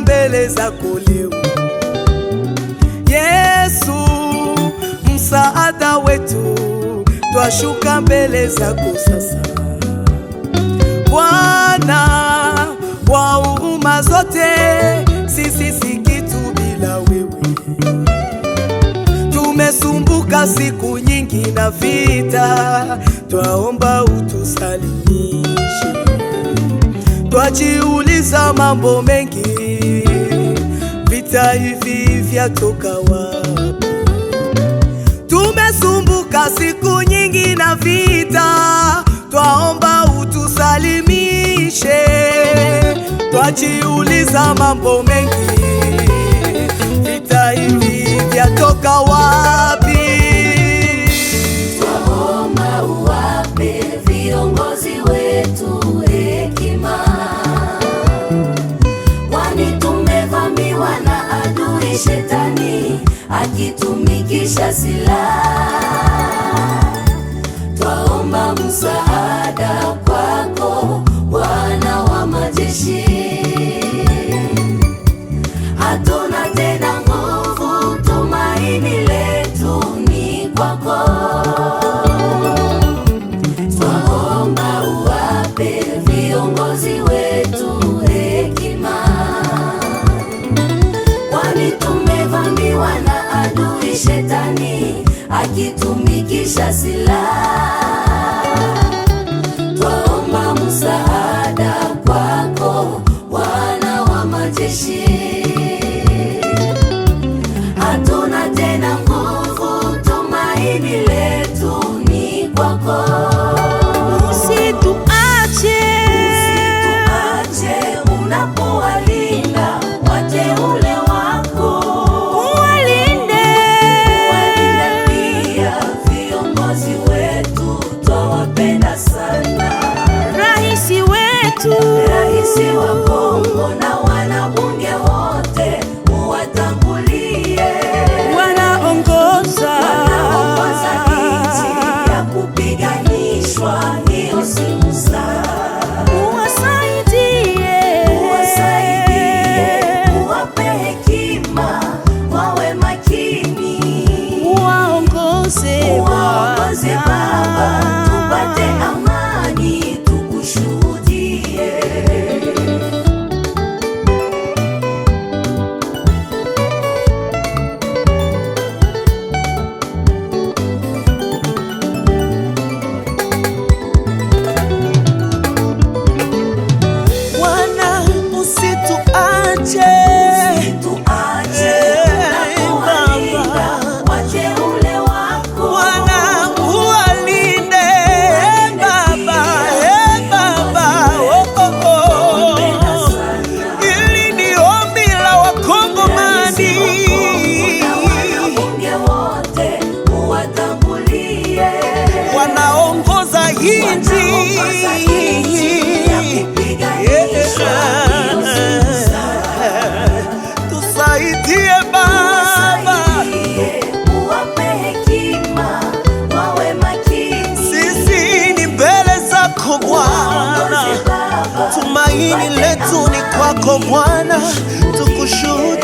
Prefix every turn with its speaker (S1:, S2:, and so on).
S1: mbele za leo Yesu, msaada wetu, twashuka mbele zako sasa. Bwana wa umma zote, sisi si kitu bila wewe. Tumesumbuka siku nyingi na vita, twaomba utusalimishe Twajiuliza mambo mengi, vita hivi vyatoka wapi? Tumesumbuka siku nyingi na vita, twaomba utusalimishe. Twajiuliza mambo mengi, vita hivi vyatoka wapi?
S2: akitumikisha silaha. Twaomba msaada kwako, Bwana wa majeshi. Hatuna tena nguvu, tumaini letu ni kwako. Twaomba uwape viongozi wetu akitumikisha silaha Rais wa Kongo na wanabunge wote muwatangulie,
S1: wanaongoza
S2: wanaongoza ya kupiganishwa, hiyo si mzaa
S1: wanaongoza nchi tusaidie Baba, sisi ni mbele zako Bwana, tumaini letu ni kwako Bwana, tukushuhudie